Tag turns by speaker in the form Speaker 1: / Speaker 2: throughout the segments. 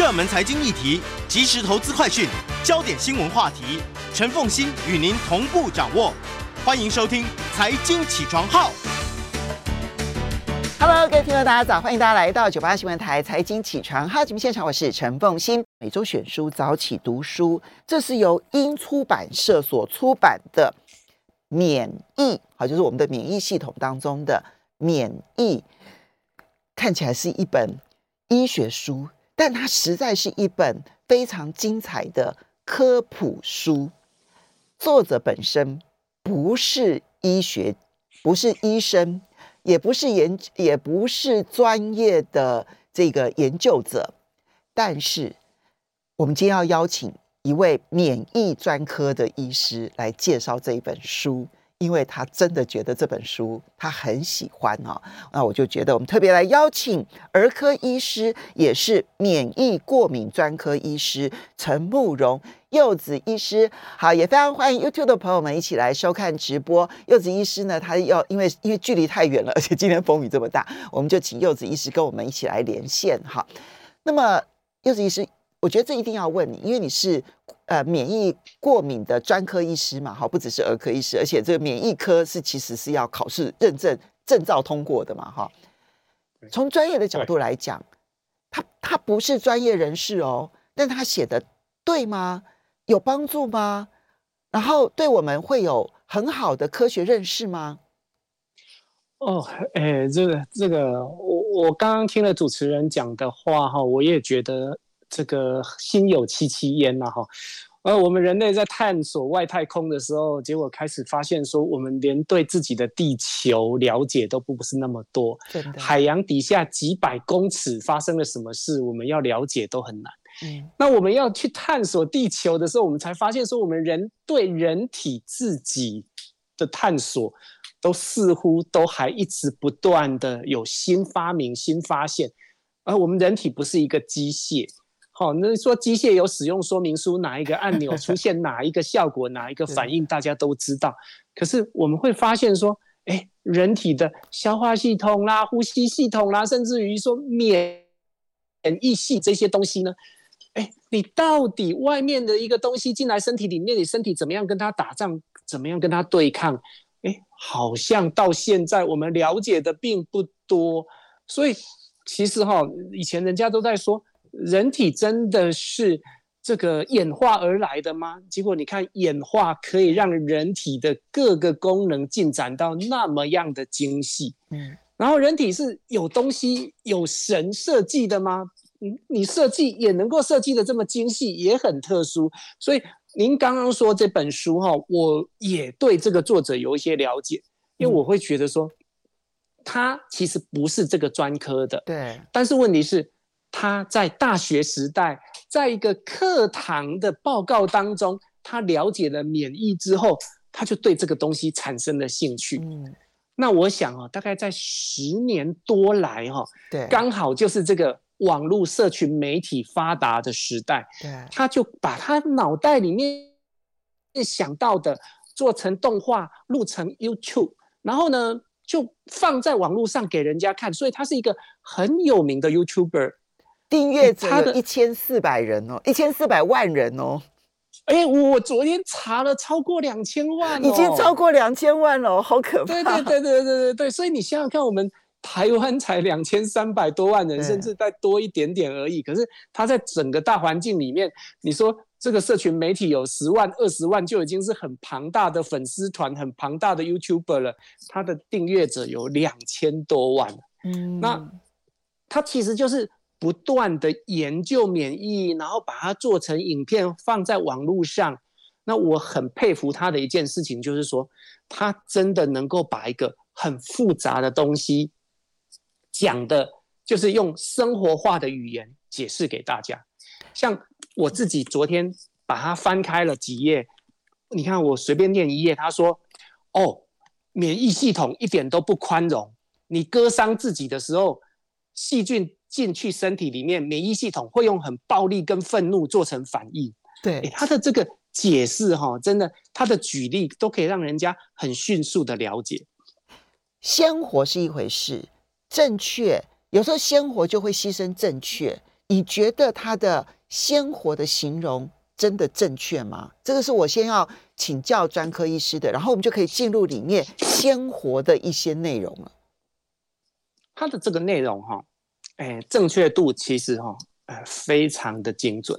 Speaker 1: 熱門財經議題、即時投資快訊、焦點新聞話題，陳鳳馨與您同步掌握。歡迎收聽《財經起床號》。
Speaker 2: Hello，各位聽友，大家早！歡迎大家來到九八新聞台《財經起床號》節目現場，我是陳鳳馨。每周選書早起讀書，這是由鷹出版社所出版的《免疫》，好，就是我們的免疫系統當中的免疫，看起來是一本醫學書。但它實在是一本非常精彩的科普書。作者本身不是醫學，不是醫生，也不是研，也不是專業的這個研究者。但是，我們今天要邀請一位免疫專科的醫師來介紹這一本書。因為他真的覺得這本書他很喜歡哦，那我就覺得我們特別來邀請兒科醫師，也是免疫過敏專科醫師陳木榮柚子醫師。好，也非常歡迎 YouTube 的朋友們一起來收看直播。柚子醫師呢，他要因為因為距離太遠了，而且今天風雨這麼大，我們就請柚子醫師跟我們一起來連線哈。那麼柚子醫師，我覺得這一定要問你，因為你是。呃，免疫過敏的專科醫師嘛，哈，不只是兒科醫師，而且這個免疫科是其實是要考試認證證照通過的嘛，哈。從專業的角度來講，對他他不是專業人士哦，但他寫的對嗎？有幫助嗎？然後對我們會有很好的科學認識嗎？哦，哎，這個這個，我我剛
Speaker 1: 剛聽了主持人講的話，哈，我也覺得。這個心有戚戚焉吶，啊、哈、呃，我們人類在探索外太空的時候，結果開始發現說，我們連對自己的地球了解都不不是那麼多。對對對。海洋底下幾百公尺發生了什麼事，我們要了解都很難。嗯、那我們要去探索地球的時候，我們才發現說，我們人對人體自己的探索，都似乎都還一直不斷的有新發明、新發現。而、呃、我們人體不是一個機械。哦，那說機械有使用說明書，哪一個按鈕出現哪一個效果， 是的 哪一個反應，大家都知道。可是我們會發現說，哎，人體的消化系統啦、呼吸系統啦，甚至於說免疫系這些東西呢，哎，你到底外面的一個東西進來身體裡面，你身體怎麼樣跟它打仗，怎麼樣跟它對抗？哎，好像到現在我們了解的並不多。所以其實哈、哦，以前人家都在說。人體真的是這個演化而來的嗎？結果你看，演化可以讓人體的各個功能進展到那麼樣的精細，嗯。然後，人體是有東西有神設計的嗎？你設計也能夠設計得這麼精細，也很特殊。所以，您剛剛說這本書哈、哦，我也對這個作者有一些了解，嗯、因為我會覺得說，他其實不是這個專科的，對。但是問題是。他在大學時代，在一個課堂的報告當中，他了解了免疫之後，他就對這個東西產生了興趣。嗯，那我想啊，大概在十年多來哈，對，剛好就是這個網絡社群媒體發達的時代，對，他就把他腦袋裡面想到的做成動畫，錄成 YouTube，然後呢，就放在網絡上給人家看，所以他是一個很
Speaker 2: 有名的 YouTuber。訂閱者一千四百人哦，一千四百萬人哦，
Speaker 1: 哎，我昨天查了，超過兩千萬哦，已經超過兩千萬了，好可怕！對對對對對對對，所以你想想看，我們台灣才兩千三百多萬人，對甚至再多一點點而已。可是他在整個大環境裡面，你說這個社群媒體有十萬、二十萬，就已經是很龐大的粉絲團、很龐大的 YouTuber 了。他的訂閱者有兩千多萬，嗯，那他其實就是。不斷的研究免疫，然後把它做成影片，放在網絡上。那我很佩服他的一件事情，就是說他真的能夠把一個很複雜的東西講的，就是用生活化的語言解釋給大家。像我自己昨天把它翻開了幾頁，你看我隨便念一頁，他說：“哦，免疫系統一點都不寬容，你割傷自己的時候，細菌。”進去身體裡面，免疫系統會用很暴力跟憤怒做成反應。對、欸，他的這個解釋哈、喔，真的，他的舉例都可以讓人家很迅
Speaker 2: 速的了解。鮮活是一回事，正確有時候鮮活就會犧牲正確。你覺得他的鮮活的形容真的正確嗎？這個是我先要請教專科醫師的，然後我們就可以進入裡面鮮活的一些內容了。他的這個內容哈。喔
Speaker 1: 哎，正確度其實哈、哦呃，非常的精準。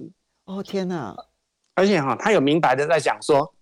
Speaker 2: 哦天哪！
Speaker 1: 而且哈、哦，他有明白的在講說，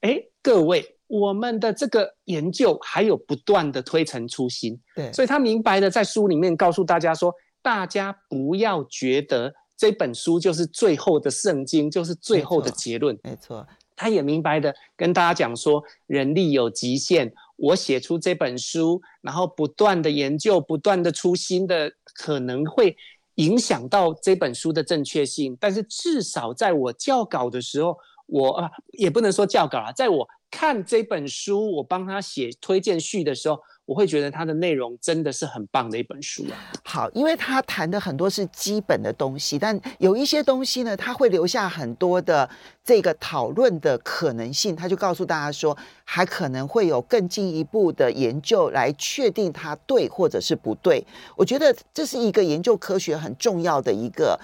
Speaker 1: 哎，各位，我們的這個研究還有不斷的推陳出新。對，所以他明白的在書裡面告訴大家說，大家不要覺得這本書就是最後的聖經，就是最後的結論。沒錯，沒錯，他也明白的跟大家講說，人力有極限。我寫出這本書，然後不斷的研究，不斷的出新的，可能會影響到這本書的正確性。但是至少在我校稿的時候，我啊，也不能說校稿啊，在我。看這本書，我幫他寫推薦序的時候，我會覺得他的內容真的是很棒的一本書啊。
Speaker 2: 好，因為他談的很多是基本的東西，但有一些東西呢，他會留下很多的這個討論的可能性。他就告訴大家說，還可能會有更進一步的研究來確定它對或者是不對。我覺得這是一個研究科學很重要的一個。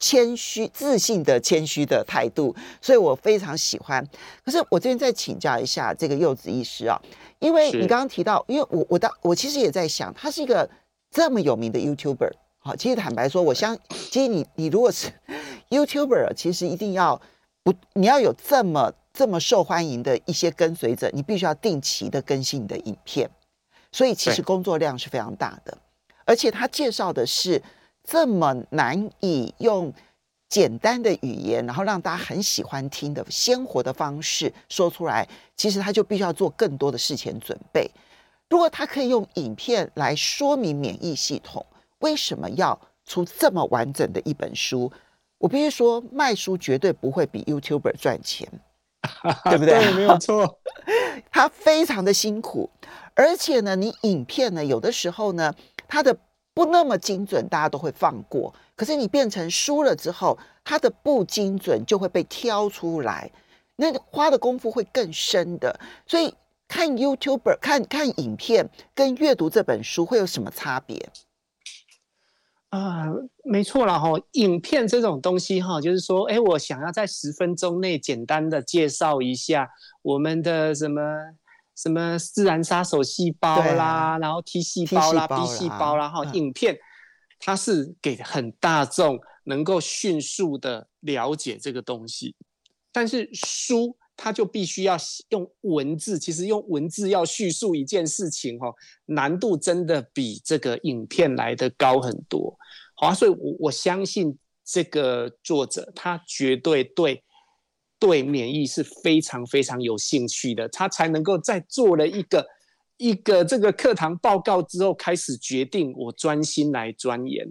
Speaker 2: 謙虛自信的謙虛的態度，所以我非常喜歡。可是我這邊再請教一下這個柚子醫師啊，因為你剛剛提到，因為我我當我其實也在想，他是一個這麼有名的 YouTuber，好，其實坦白說，我相其實你你如果是 YouTuber，其實一定要不你要有這麼這麼受歡迎的一些跟隨者，你必須要定期的更新你的影片，所以其實工作量是非常大的，而且他介紹的是。這麼難以用簡單的語言，然後讓大家很喜歡聽的鮮活的方式說出來，其實他就必須要做更多的事前準備。如果他可以用影片來說明免疫系統，為什麼要出這麼完整的一本書？我必須說，賣書絕對不會比 YouTuber 賺錢，對不對？沒有錯，他非常的辛苦，而且呢，你影片呢，有的時候呢，他的。不那麼精準，大家都會放過。可是你變成書了之後，它的不精準就會被挑出來，那花的功夫會更深的。所以看 YouTuber，看看影片跟閱讀這本書會有什麼差別？
Speaker 1: 啊、呃，沒錯了哈、哦。影片這種東西哈、哦，就是說，哎，我想要在十分鐘內簡單的介紹一下我們的什麼。什麼自然殺手細胞啦，啊、然後 T 細胞啦、細胞啦 B 細胞啦，然後、嗯、影片，它是給很大眾能夠迅速的了解這個東西，但是書它就必須要用文字，其實用文字要敘述一件事情哦，難度真的比這個影片來得高很多，好啊，所以，我我相信這個作者他絕對對。對免疫是非常非常有興趣的，他才能夠在做了一個一個這個課堂報告之後，開始決定我專心來鑽研。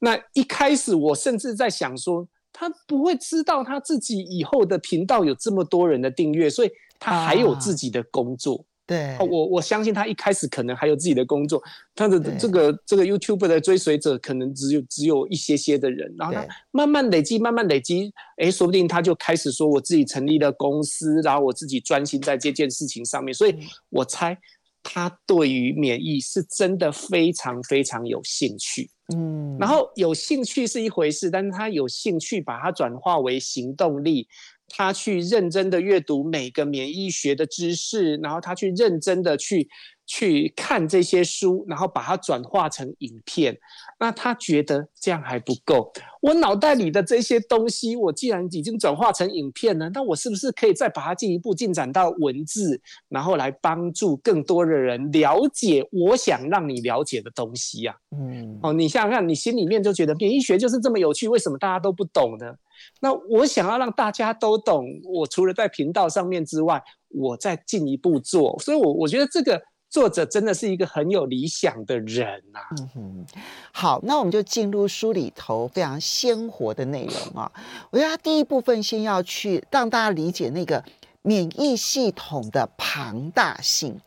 Speaker 1: 那一開始我甚至在想說，他不會知道他自己以後的頻道有這麼多人的訂閱，所以他還有自己的工作。啊對，哦、我我相信他一開始可能還有自己的工作，他的這個對這個 YouTube 的追隨者可能只有只有一些些的人，然後他慢慢累積，慢慢累積，哎，說不定他就開始說，我自己成立了公司，然後我自己專心在這件事情上面。所以我猜他對於免疫是真的非常非常有興趣，嗯，然後有興趣是一回事，但是他有興趣把它轉化為行動力。他去認真的閱讀每個免疫學的知識，然後他去認真的去。去看這些書，然後把它轉化成影片。那他覺得這樣還不夠。我腦袋裡的這些東西，我既然已經轉化成影片了，那我是不是可以再把它進一步進展到文字，然後來幫助更多的人了解我想讓你了解的東西呀、啊？嗯，哦，你想想看，你心裡面就覺得免疫學就是這麼有趣，為什麼大家都不懂呢？那我想要讓大家都懂，我除了在頻道上面之外，我再進一步做。
Speaker 2: 所以我，我我覺得這個。作者真的是一個很有理想的人吶、啊。嗯哼，好，那我們就進入書裡頭非常鮮活的內容啊。我覺得他第一部分先要去讓大家理解那個免疫系統的龐大性，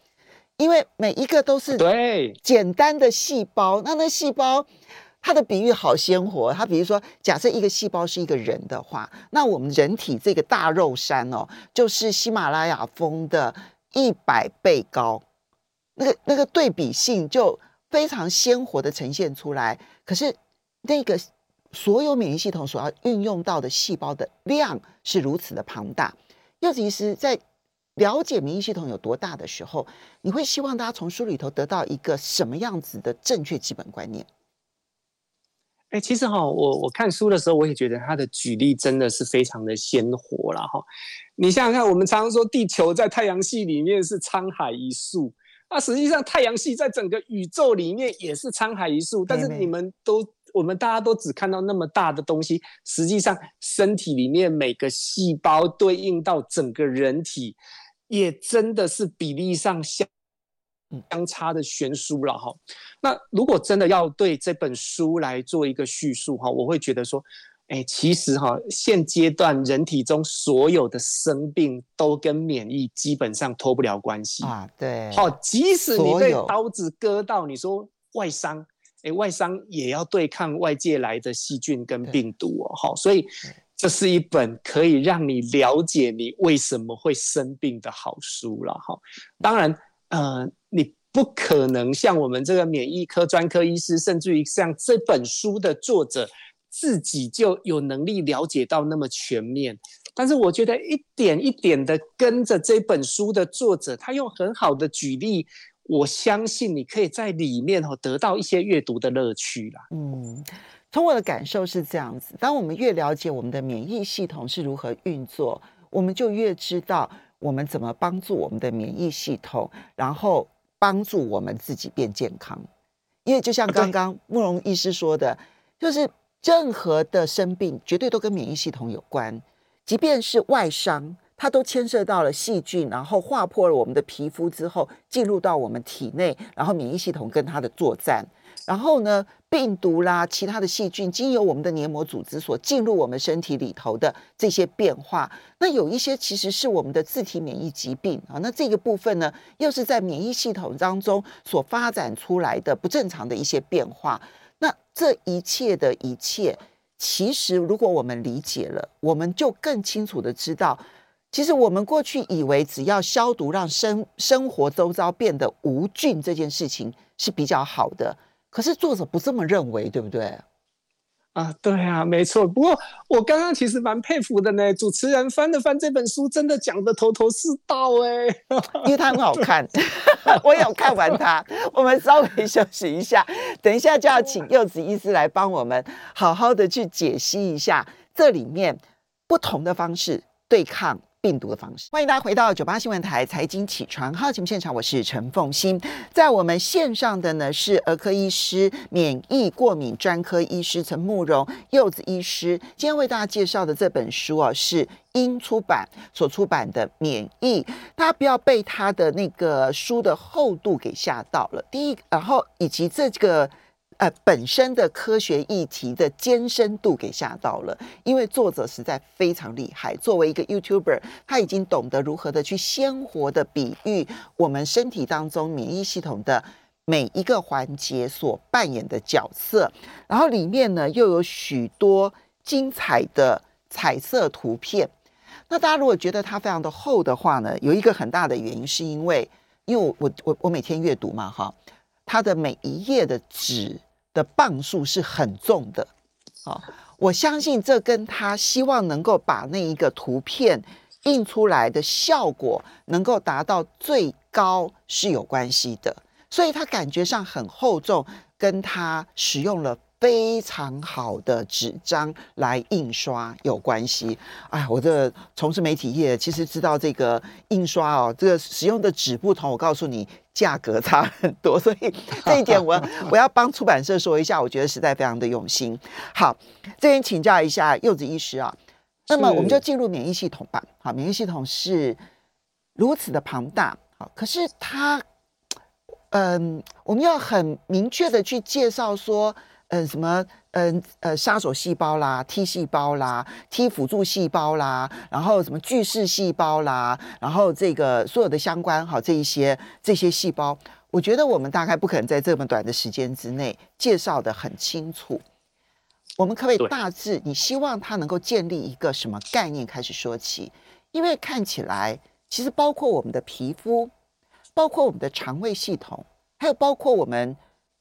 Speaker 2: 因為每一個都是對簡單的細胞。那那細胞，它的比喻好鮮活。它比如說，假設一個細胞是一個人的話，那我們人體這個大肉山哦，就是喜馬拉雅峰的一百倍高。那個那個對比性就非常鮮活的呈現出來，可是那個所有免疫系統所要運用到的細胞的量是如此的龐大。柚子醫師，在了解免疫系統有多大的時候，你會希望大家從書裡頭得到一個什麼樣子的正確基本觀念？
Speaker 1: 哎、欸，其實哈、哦，我我看書的時候，我也覺得他的舉例真的是非常的鮮活了哈、哦。你想想看，我們常說地球在太陽系裡面是滄海一粟。那、啊、實際上，太陽系在整個宇宙裡面也是滄海一粟，但是你們都，欸欸、我們大家都只看到那麼大的東西。實際上，身體裡面每個細胞對應到整個人體，也真的是比例上相相差的懸殊了哈。嗯、那如果真的要對這本書來做一個敘述哈，我會覺得說。誒其實哈、哦，現階段人體中所有的生病都跟免疫基本上脫不了關係啊。
Speaker 2: 對，好、哦，即使你被刀
Speaker 1: 子割到，你說外傷有誒，外傷也要對抗外界來的細菌跟病毒哦。好對、哦，所以這是一本可以讓你了解你為什麼會生病的好書了哈、哦。當然，呃，你不可能像我們這個免疫科專科醫師，甚至於像這本書的作者。自己就有能力了解到那麼全面，但是我覺得一點一點的跟着這本書的作者，他用很好的舉例，我相信你可以在裡面哦得到一些閱讀的樂趣
Speaker 2: 啦。嗯，從我的感受是這樣子，當我們越了解我們的免疫系統是如何運作，我們就越知道我們怎麼幫助我們的免疫系統，然後幫助我們自己變健康。因為就像剛剛木榮醫師說的，啊、對就是。任何的生病絕對都跟免疫系統有關，即便是外傷，它都牽涉到了細菌，然後劃破了我們的皮膚之後，進入到我們體內，然後免疫系統跟它的作戰。然後呢，病毒啦，其他的細菌經由我們的黏膜組織所進入我們身體裡頭的這些變化，那有一些其實是我們的自體免疫疾病啊。那這個部分呢，又是在免疫系統當中所發展出來的不正常的一些變化。那這一切的一切，其實如果我們理解了，我們就更清楚的知道，其實我們過去以為只要消毒讓生生活周遭變得無菌這件事情是比較好的，可是作者不這麼認為，對不對？啊，對啊，沒錯。不過我剛剛其實蠻佩服的呢，主持人翻了翻這本書，真的講的頭頭是道哎， 因為它很好看， 我有看完它。 我們稍微休息一下，等一下就要請柚子醫師來幫我們好好的去解析一下這裡面不同的方式對抗病毒的方式，歡迎大家回到九八新聞台財經起床號節目現場，我是陳鳳馨，在我們線上的呢是兒科醫師、免疫過敏專科醫師陳木榮、柚子醫師，今天為大家介紹的這本書啊，是鷹出版所出版的《免疫》，大家不要被他的那個書的厚度給嚇到了，第一，然後以及這個。呃，本身的科學議題的艱深度給嚇到了，因為作者實在非常厲害。作為一個 YouTuber，他已經懂得如何的去鮮活的比喻我們身體當中免疫系統的每一個環節所扮演的角色。然後裡面呢，又有許多精彩的彩色圖片。那大家如果覺得它非常的厚的話呢，有一個很大的原因是因為，因為我我我每天閱讀嘛，哈，它的每一頁的紙。的磅數是很重的，好、哦，我相信這跟他希望能夠把那一個圖片印出來的效果能夠達到最高是有關係的，所以他感覺上很厚重，跟他使用了。非常好的紙張來印刷有關係，哎，我這個從事媒體業，其實知道這個印刷哦，這個使用的紙不同，我告訴你價格差很多，所以這一點我我要幫出版社說一下，我覺得實在非常的用心。好，這邊請教一下柚子醫師啊，那麼我們就進入免疫系統吧。好，免疫系統是如此的龐大，好，可是它，嗯，我們要很明確的去介紹說。呃、嗯，什麼？嗯，呃，殺手細胞啦，T 細胞啦，T 輔助細胞啦，然後什麼巨噬細胞啦，然後這個所有的相關哈，這一些這些細胞，我覺得我們大概不可能在這麼短的時間之內介紹得很清楚。我們可不可以大致，你希望它能夠建立一個什麼概念開始說起？因為看起來，其實包括我們的皮膚，包括我們的腸胃系統，還有包括我們。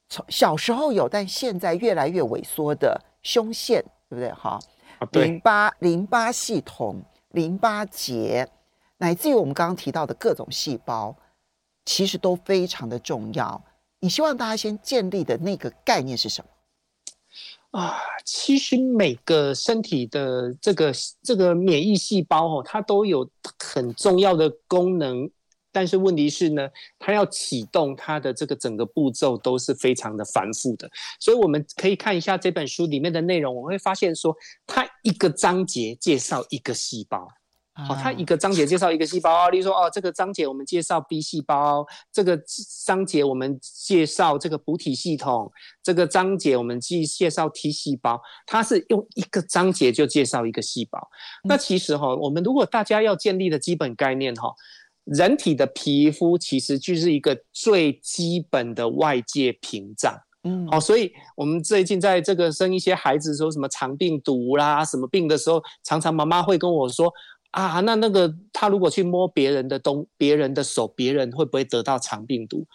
Speaker 2: 從小時候有，但現在越來越萎縮的胸腺，對不對？哈、啊，淋巴、淋巴系統、淋巴結，乃至於我們剛剛提到的各種細胞，其實都非常的重要。你希望大家先建立的那個概念是什麼？
Speaker 1: 啊，其實每個身體的這個這個免疫細胞哦，它都有很重要的功能。但是問題是呢，它要啟動它的這個整個步驟都是非常的繁複的，所以我們可以看一下這本書裡面的內容，我會發現說，它一個章節介紹一個細胞，啊、哦，它一個章節介紹一個細胞、啊，例如說哦、啊，這個章節我們介紹 B 細胞，這個章節我們介紹這個補體系統，這個章節我們去介紹 T 細胞，它是用一個章節就介紹一個細胞。嗯、那其實哈，我們如果大家要建立的基本概念哈。人體的皮膚其實就是一個最基本的外界屏障。嗯，哦，所以我們最近在這個生一些孩子的時候，什麼腸病毒啦，什麼病的時候，常常媽媽會跟我說啊，那那個他如果去摸別人的東，別人的手，別人會不會得到腸病毒？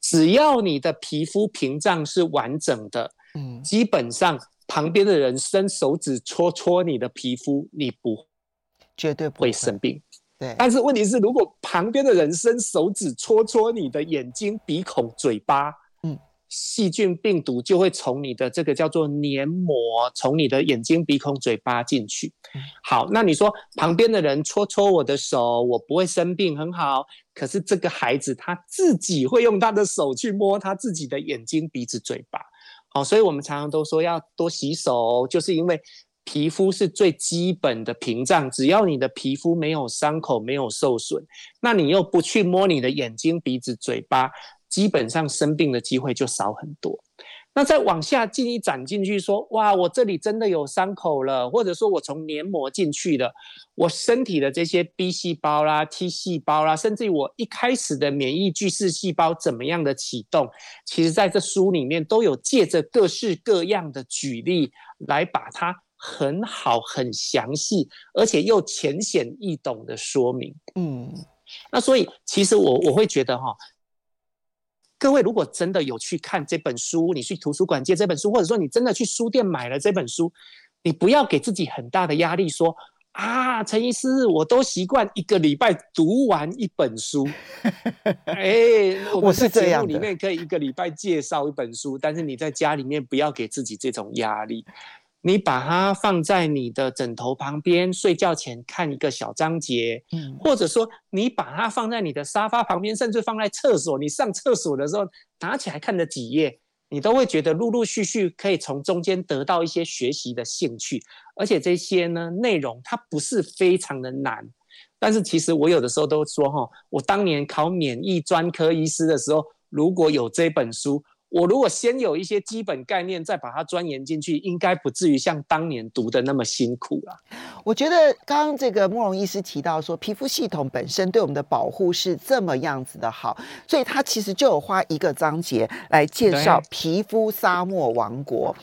Speaker 1: 只要你的皮膚屏障是完整的，嗯，基本上旁邊的人伸手指戳戳你的皮膚，你不絕對不會生病。對，但是問題是，如果旁邊的人伸手指戳戳你的眼睛、鼻孔、嘴巴，嗯，細菌病毒就會從你的這個叫做黏膜，從你的眼睛、鼻孔、嘴巴進去。嗯、好，那你說旁邊的人戳戳我的手，我不會生病，很好。可是這個孩子他自己會用他的手去摸他自己的眼睛、鼻子、嘴巴，好、哦，所以我們常常都說要多洗手，就是因為。皮膚是最基本的屏障，只要你的皮膚沒有傷口、沒有受損，那你又不去摸你的眼睛、鼻子、嘴巴，基本上生病的機會就少很多。那再往下進一層進去說，說哇，我這裡真的有傷口了，或者說我從黏膜進去了，我身體的這些 B 細胞啦、T 細胞啦，甚至於我一開始的免疫巨噬細胞怎麼樣的啟動，其實在這書裡面都有借着各式各樣的舉例來把它。很好，很詳細，而且又淺顯易懂的說明。
Speaker 2: 嗯，
Speaker 1: 那所以其實我我會覺得哈，各位如果真的有去看這本書，你去圖書館借這本書，或者說你真的去書店買了這本書，你不要給自己很大的壓力說，說啊，陳醫師，我都習慣一個禮拜讀完一本書。哎、 欸，我是節目裡面可以一個禮拜介紹一本書，但是你在家裡面不要給自己這種壓力。你把它放在你的枕頭旁邊，睡覺前看一個小章節，嗯。或者說你把它放在你的沙發旁邊，甚至放在廁所，你上廁所的時候拿起來看了幾頁，你都會覺得陸陸續續可以從中間得到一些學習的興趣。而且這些呢，內容它不是非常的難，但是其實我有的時候都說哈、哦，我當年考免疫專科醫師的時候，如果有這本書。我如果先有一些基本概念，再把它鑽研進去，應該不至於像當年讀的那麼辛苦啊。
Speaker 2: 我覺得剛剛這個木榮醫師提到說，皮膚系統本身對我們的保護是這麼樣子的好，所以他其實就有花一個章節來介紹皮膚沙漠王國。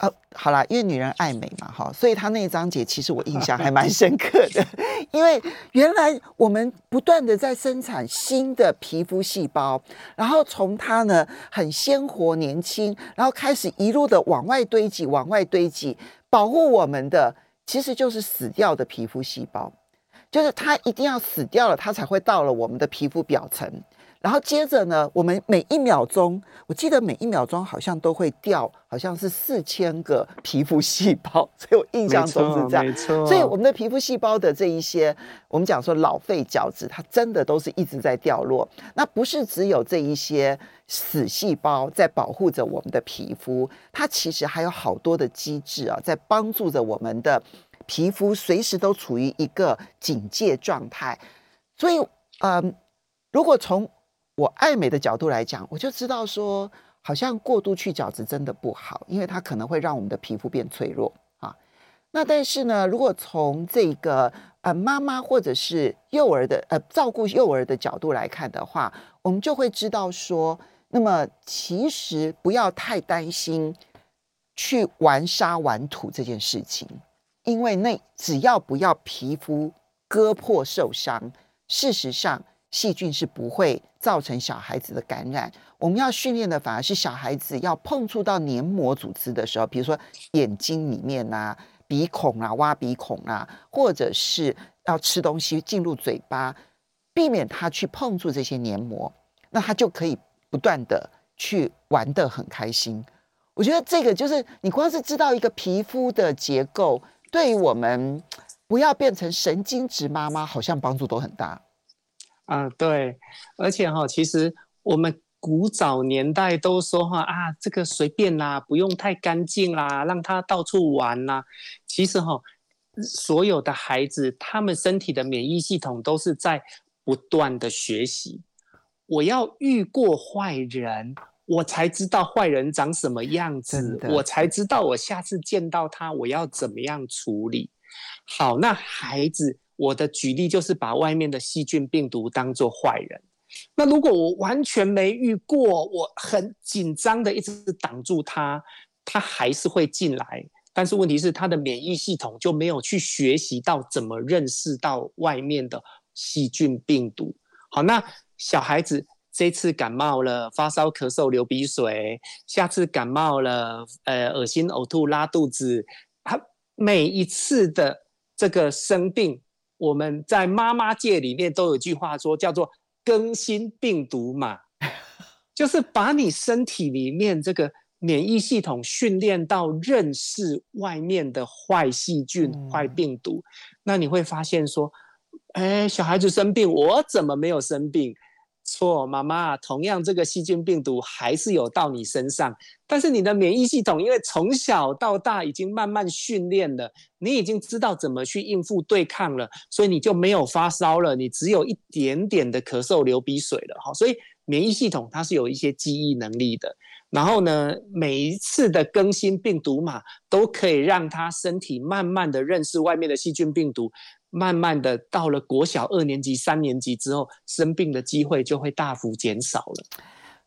Speaker 2: 啊、哦，好啦，因為女人愛美嘛，哈，所以她那一章節其實我印象還蠻深刻的，因為原來我們不斷的在生產新的皮膚細胞，然後從它呢很鮮活年輕，然後開始一路的往外堆積，往外堆積，保護我們的其實就是死掉的皮膚細胞，就是它一定要死掉了，它才會到了我們的皮膚表層。然後接着呢，我們每一秒鐘，我記得每一秒鐘好像都會掉，好像是四千個皮膚細胞，所以我印象中是這樣。沒錯，沒錯。所以我們的皮膚細胞的這一些，我們講說老廢角質，它真的都是一直在掉落。那不是只有這一些死細胞在保護着我們的皮膚，它其實還有好多的機制啊，在幫助着我們的皮膚隨時都處於一個警戒狀態。所以，嗯、呃，如果從我愛美的角度來講，我就知道說，好像過度去角質真的不好，因為它可能會讓我們的皮膚變脆弱啊。那但是呢，如果從這個呃媽媽或者是幼兒的呃照顧幼兒的角度來看的話，我們就會知道說，那麼其實不要太擔心去玩沙玩土這件事情，因為那只要不要皮膚割破受傷，事實上細菌是不會。造成小孩子的感染，我們要訓練的反而是小孩子要碰觸到黏膜組織的時候，比如說眼睛裡面吶、啊、鼻孔啊、挖鼻孔啊，或者是要吃東西進入嘴巴，避免他去碰觸這些黏膜，那他就可以不斷的去玩得很開心。我覺得這個就是你光是知道一個皮膚的結構，對於我們不要變成神經質媽媽，好像幫助都很大。啊、嗯，對，而且
Speaker 1: 哈、哦，其實我們古早年代都說哈啊，啊，這個隨便啦，不用太乾淨啦，讓他到處玩啦。其實哈、哦，所有的孩子，他們身體的免疫系統都是在不斷地學習。我要遇過壞人，我才知道壞人長什麼樣子，的我才知道我下次見到他，我要怎麼樣處理。好，那孩子。我的舉例就是把外面的細菌病毒當作壞人，那如果我完全沒遇過，我很緊張的一直擋住它，它還是會進來。但是問題是，他的免疫系統就沒有去學習到怎麼認識到外面的細菌病毒。好，那小孩子這次感冒了，發燒、咳嗽、流鼻水；下次感冒了，呃，噁心、嘔吐、拉肚子。他每一次的這個生病，我們在媽媽界裡面都有句話說，叫做“更新病毒”嘛，就是把你身體裡面這個免疫系統訓練到認識外面的壞細菌、壞病毒，那你會發現說，哎，小孩子生病，我怎麼沒有生病？錯，媽媽、啊，同樣這個細菌病毒還是有到你身上，但是你的免疫系統因為從小到大已經慢慢訓練了，你已經知道怎麼去應付對抗了，所以你就沒有發燒了，你只有一點點的咳嗽、流鼻水了哈、哦。所以免疫系統它是有一些記憶能力的，然後呢，每一次的更新病毒嘛，都可以讓它身體慢慢的認識外面的細菌病毒。慢慢的，到了國小二年級、三年級之後，生病的機會就會大
Speaker 2: 幅減少了。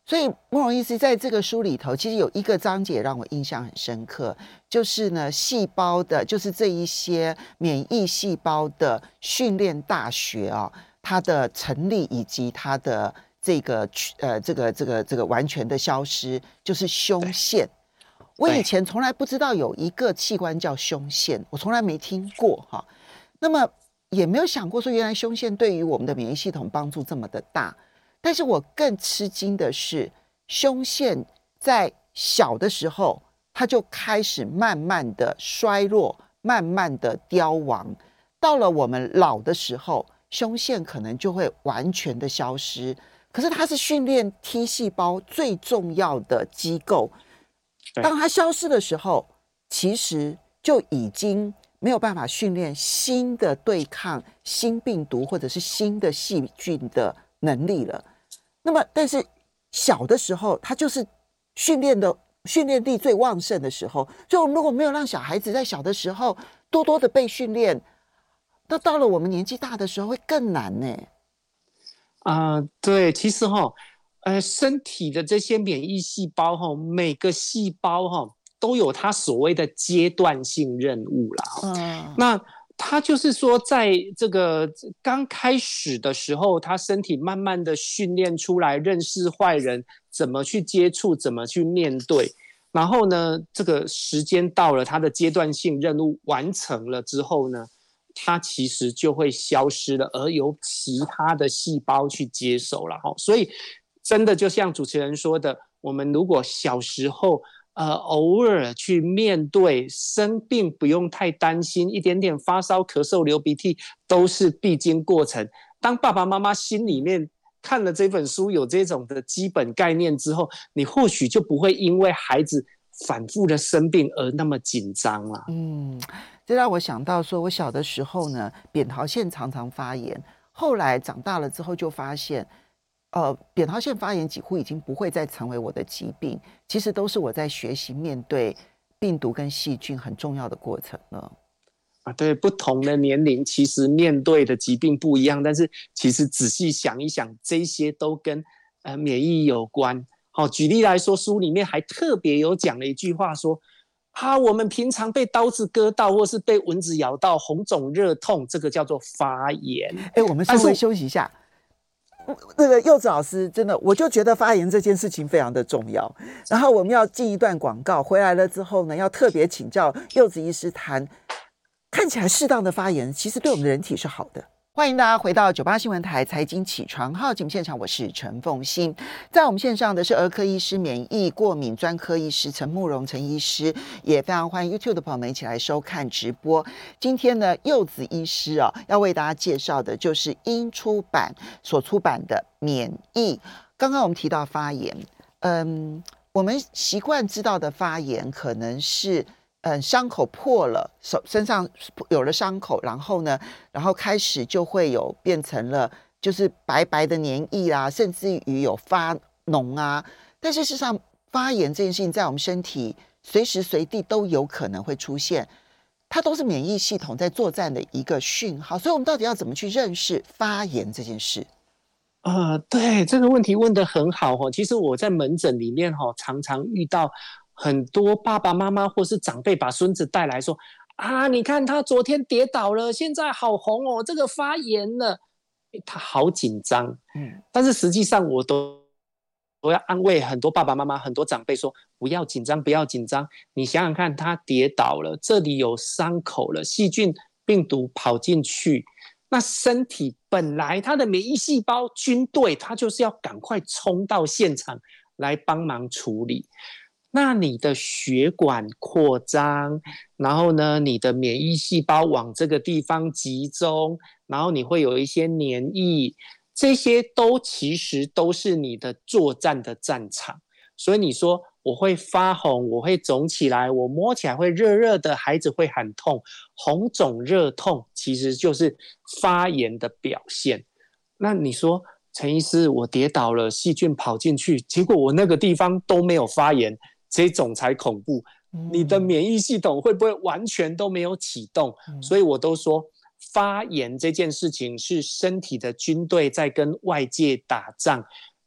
Speaker 2: 所以，木榮醫師在這個書裡頭，其實有一個章節讓我印象很深刻，就是呢，細胞的，就是這一些免疫細胞的訓練大學啊，它的成立以及它的這個呃，這個這個這個完全的消失，就是胸腺。我以前從來不知道有一個器官叫胸腺，我從來沒聽過哈、啊。那麼也沒有想過說，原來胸腺對於我們的免疫系統幫助這麼的大。但是我更吃驚的是，胸腺在小的時候，它就開始慢慢的衰弱，慢慢的凋亡。到了我們老的時候，胸腺可能就會完全的消失。可是它是訓練 T 細胞最重要的機構，當它消失的時候，對其實就已經。沒有辦法訓練新的對抗新病毒或者是新的細菌的能力了。那麼，但是小的時候，它就是訓練的訓練力最旺盛的時候。所以，如果沒有讓小孩子在小的時候多多的被訓練，那到了我們年紀大的時候會更難呢？啊，對，其
Speaker 1: 實哈，呃，身體的這些免疫細胞哈，每個細胞哈。都有他所謂的階段性任務了。嗯，那他就是說，在這個剛開始的時候，他身體慢慢的訓練出來，認識壞人怎麼去接觸，怎麼去面對。然後呢，這個時間到了，他的階段性任務完成了之後呢，他其實就會消失了，而由其他的細胞去接受了。所以真的就像主持人說的，我們如果小時候，呃，偶爾去面對生病，不用太擔心，一點點發燒、咳嗽、流鼻涕都是必經過程。當爸爸媽媽心裡面看了這本書，有這種的基本概念之後，你或許就不會因為孩子反覆的生病而那麼緊張了。嗯，
Speaker 2: 這讓我想到說，我小的時候呢，扁桃腺常常發炎，後來長大了之後就發現。呃，扁桃腺發炎幾乎已經不會再成為我的疾病，其實都是我在學習面對病毒跟細菌很重要的過程了。
Speaker 1: 啊，對，不同的年齡其實面對的疾病不一樣，但是其實仔細想一想，這些都跟呃免疫有關。好、哦，舉例來說，書裡面還特別有講了一句話說：哈、啊，我們平常被刀子割到或是被蚊子咬到，紅腫熱痛，這個叫做發炎。哎、欸，我們稍微
Speaker 2: 休息一下。那個柚子老師真的，我就覺得發炎這件事情非常的重要。然後我們要進一段廣告，回來了之後呢，要特別請教柚子醫師談看起來適當的發炎，其實對我們的人體是好的。歡迎大家回到九八新聞台財經起床號節目現場，我是陳鳳馨。在我們線上的是兒科醫師、免疫過敏專科醫師陳木榮陳醫師，也非常歡迎 YouTube 的朋友們一起來收看直播。今天呢，柚子醫師哦，要為大家介紹的就是鷹出版所出版的《免疫》。剛剛我們提到發炎，嗯，我們習慣知道的發炎可能是。嗯，傷口破了，手身上有了傷口，然後呢，然後開始就會有變成了，就是白白的黏液啦、啊，甚至於有發膿啊。但是事實上，發炎這件事情在我們身體隨時隨地都有可能會出現，它都是免疫系統在作戰的一個訊號。所以，我們到底要怎麼去認識發炎這件事？呃，對，這個問
Speaker 1: 題問得很好哈、哦。其實我在門診裡面哈、哦，常常遇到。很多爸爸媽媽或是長輩把孫子帶來，說：“啊，你看他昨天跌倒了，現在好紅哦，這個發炎了。”他好緊張，嗯。但是實際上，我都我要安慰很多爸爸媽媽、很多長輩說：“不要緊張，不要緊張。”你想想看，他跌倒了，這裡有傷口了，細菌、病毒跑進去，那身體本來他的免疫細胞軍隊，他就是要趕快衝到現場來幫忙處理。那你的血管擴張，然後呢，你的免疫細胞往這個地方集中，然後你會有一些黏液，這些都其實都是你的作戰的戰場。所以你說我會發紅，我會腫起來，我摸起來會熱熱的，孩子會喊痛，紅腫熱痛其實就是發炎的表現。那你說陳醫師，我跌倒了，細菌跑進去，結果我那個地方都沒有發炎。這種才恐怖，你的免疫系統會不會完全都沒有啟動？所以我都說，發炎這件事情是身體的軍隊在跟外界打仗，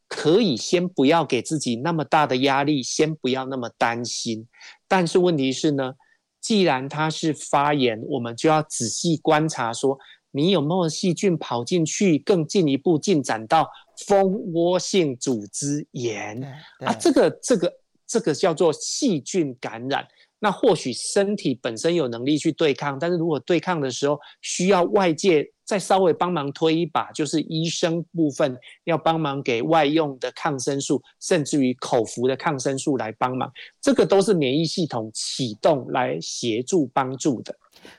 Speaker 1: 可以先不要給自己那麼大的壓力，先不要那麼擔心。但是問題是呢，既然它是發炎，我們就要仔細觀察，說你有沒有細菌跑進去，更進一步進展到蜂窩性組織炎啊？這個這個。這個叫做細菌感染，那或許身體本身有能力去對抗，但是如果對抗的時候需要外界再稍微幫忙推一把，就是醫生部分要幫忙給外用的抗生素，甚至於口服的抗生素來幫忙，這個都是免疫系
Speaker 2: 統啟動來協助幫助的。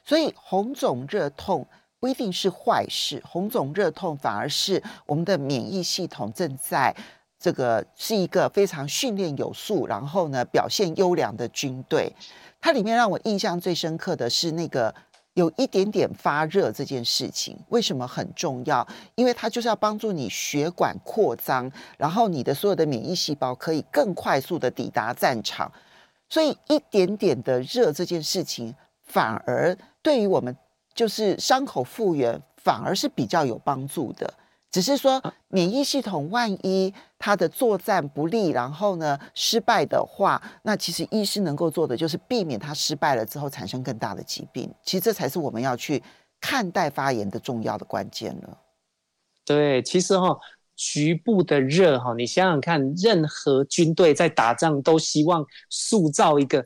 Speaker 2: 所以紅腫熱痛不一定是壞事，紅腫熱痛反而是我們的免疫系統正在。這個是一個非常訓練有素，然後呢表現優良的軍隊。它裡面讓我印象最深刻的是那個有一點點發熱這件事情，為什麼很重要？因為它就是要幫助你血管擴張，然後你的所有的免疫細胞可以更快速地抵達戰場。所以一點點的熱這件事情，反而對於我們就是傷口復原，反而是比較有幫助的。只是說，免疫系統萬一它的作戰不利，然後呢失敗的話，那其實醫師能夠做的就是避免它失敗了之後產生更大的疾病。其實這才是我們要去看待發炎的重要的關鍵了。
Speaker 1: 對，其實哈、哦，局部的熱哈，你想想看，任何軍隊在打仗都希望塑造一個。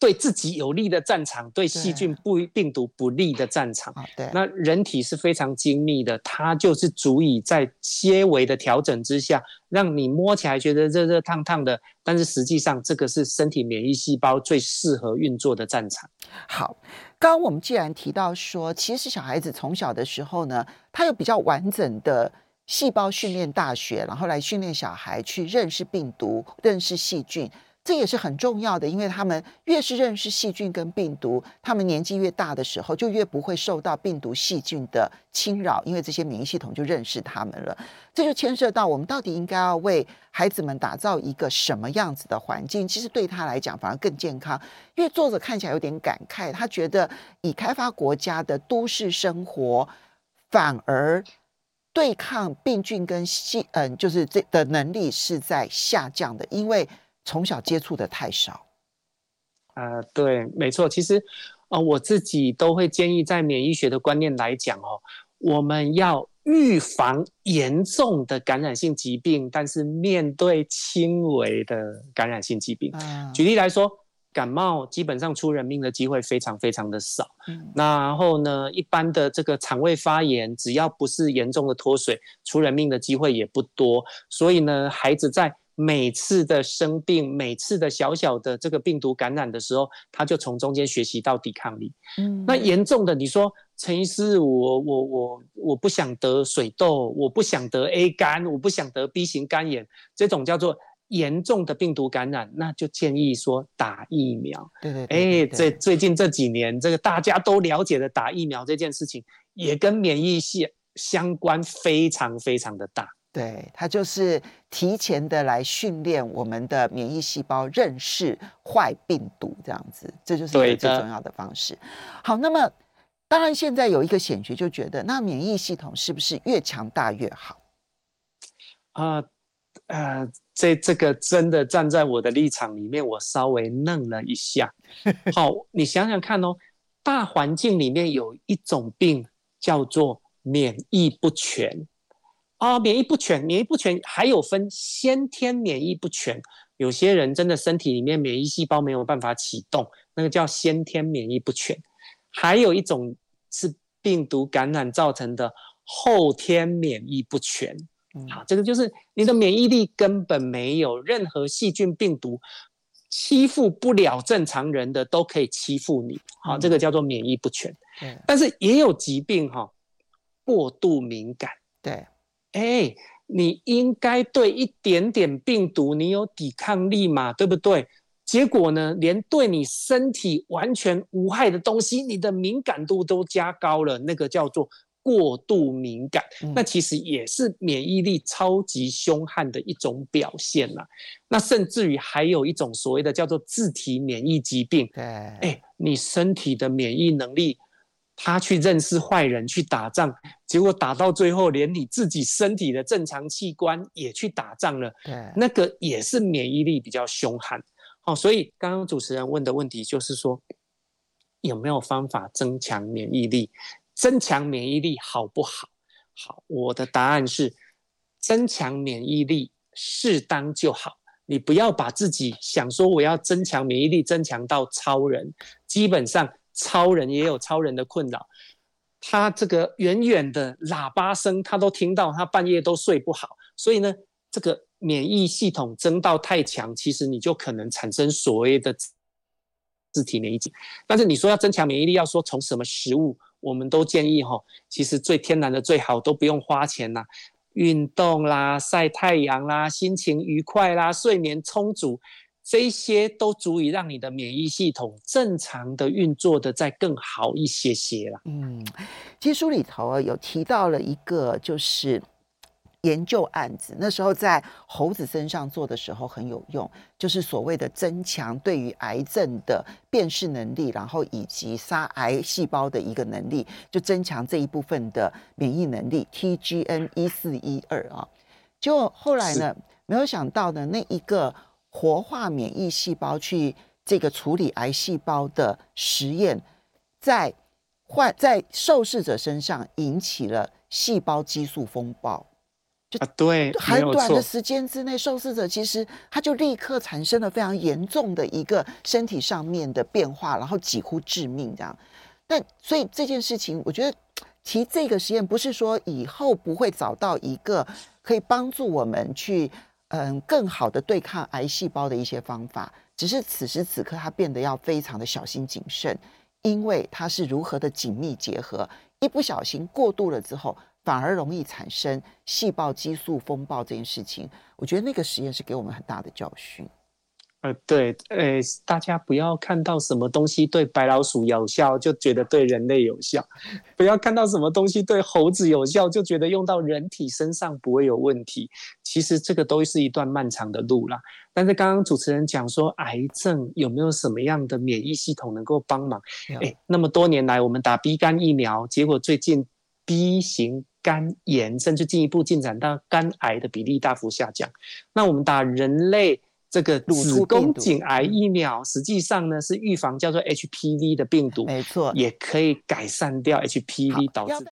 Speaker 1: 對自己有利的戰場，對細菌不、病毒不利的戰場。對，那人體是非常精密的，它就是足以在細微的調整之下，讓你摸起來覺得熱熱燙燙的，但是實際上這個是身體免疫細胞最適合運作的戰場。
Speaker 2: 好，剛剛我們既然提到說，其實小孩子從小的時候呢，他有比較完整的細胞訓練大學，然後來訓練小孩去認識病毒、認識細菌。這也是很重要的，因為他們越是認識細菌跟病毒，他們年紀越大的時候就越不會受到病毒細菌的侵擾，因為這些免疫系統就認識他們了。這就牽涉到我們到底應該要為孩子們打造一個什麼樣子的環境？其實對他來講反而更健康。因為作者看起來有點感慨，他覺得已開發國家的都市生活，反而對抗病菌跟細嗯、呃，就是這的能力是在下降的，因為。從小接觸的太少，
Speaker 1: 呃，對，沒錯，其實，呃，我自己都會建議，在免疫學的觀念來講哦，我們要預防嚴重的感染性疾病，但是面對輕微的感染性疾病，啊、舉例來說，感冒基本上出人命的機會非常非常的少，那、嗯、然後呢，一般的這個腸胃發炎，只要不是嚴重的脫水，出人命的機會也不多，所以呢，孩子在。每次的生病，每次的小小的這個病毒感染的時候，他就從中間學習到抵抗力。嗯，那嚴重的，你說陳醫師，我我我我不想得水痘，我不想得 A 肝，我不想得 B 型肝炎，這種叫做嚴重的病毒感染，那就建議說打疫苗。對對，對，對對，哎、欸，這最近這幾年，這個大家都了解的打疫苗這件事情，也跟免疫系相關非常非常的大。
Speaker 2: 對，它就是提前的來訓練我們的免疫細胞認識壞病毒，這樣子，這就是最重要的方式。的好，那麼當然現在有一個顯學，就覺得那免疫系統是不是越強大越好？呃
Speaker 1: 呃，這這個真的站在我的立場裡面，我稍微愣了一下。好， 你想想看哦，大環境裡面有一種病叫做免疫不全。啊，免疫不全，免疫不全還有分先天免疫不全，有些人真的身體裡面免疫細胞沒有辦法啟動，那個叫先天免疫不全。還有一種是病毒感染造成的後天免疫不全。好、嗯啊，這個就是你的免疫力根本沒有任何細菌病毒欺負不了正常人的，都可以欺負你。好、嗯啊，這個叫做免疫不全。對，但是也有疾病哈、哦，過度敏感。對。哎、欸，你應該對一點點病毒你有抵抗力嘛，對不對？結果呢，連對你身體完全無害的東西，你的敏感度都加高了，那個叫做過度敏感。嗯、那其實也是免疫力超級凶悍的一種表現了、啊。那甚至於還有一種所謂的叫做自體免疫疾病。對，哎、欸，你身體的免疫能力。他去認識壞人，去打仗，結果打到最後，連你自己身體的正常器官也去打仗了。對，那個也是免疫力比較兇悍。好，哦，所以剛剛主持人問的問題就是說，有沒有方法增強免疫力？增強免疫力好不好？好，我的答案是，增強免疫力適當就好，你不要把自己想說我要增強免疫力增強到超人，基本上。超人也有超人的困擾，他這個遠遠的喇叭聲他都聽到，他半夜都睡不好。所以呢，這個免疫系統增到太強，其實你就可能產生所謂的自體免疫。但是你說要增強免疫力，要說從什麼食物，我們都建議吼、哦。其實最天然的最好都不用花錢啦，運動啦，曬太陽啦，心情愉快啦，睡眠充足。這些都足以讓你的免疫系
Speaker 2: 統正常的運作的再更好一些些了。嗯，其實書裡頭有提到了一個就是研究案子，那時候在猴子身上做的時候很有用，就是所謂的增強對於癌症的辨識能力，然後以及殺癌細胞的一個能力，就增強這一部分的免疫能力 TGN 一四一二啊。結果後來呢，是沒有想到的那一個。活化免疫細胞去這個處理癌細胞的實驗，在患在受試者身上引起了細胞激素風暴，就對，很短的時間之內，受試者其實他就立刻產生了非常嚴重的一個身體上面的變化，然後幾乎致命這樣。但所以這件事情，我覺得其實這個實驗不是說以後不會找到一個可以幫助我們去。嗯，更好的對抗癌細胞的一些方法，只是此時此刻它變得要非常的小心謹慎，因為它是如何的緊密結合，一不小心過度了之後，反而容易產生細胞激素風暴這件事情。我覺得那個實驗是給我們很大的教訓。
Speaker 1: 呃，對，誒，大家不要看到什麼東西對白老鼠有效，就覺得對人類有效；不要看到什麼東西對猴子有效，就覺得用到人體身上不會有問題。其實這個都是一段漫長的路啦。但是剛剛主持人講說，癌症有沒有什麼樣的免疫系統能夠幫忙？嗯、誒，那麼多年來我們打 B 肝疫苗，結果最近 B 型肝炎甚至進一步進展到肝癌的比例大幅下降。那我們打人類。這個子宮頸癌疫苗，實際上呢是預防叫做 HPV 的病毒，沒錯，也可以改善掉 HPV 導致的。沒錯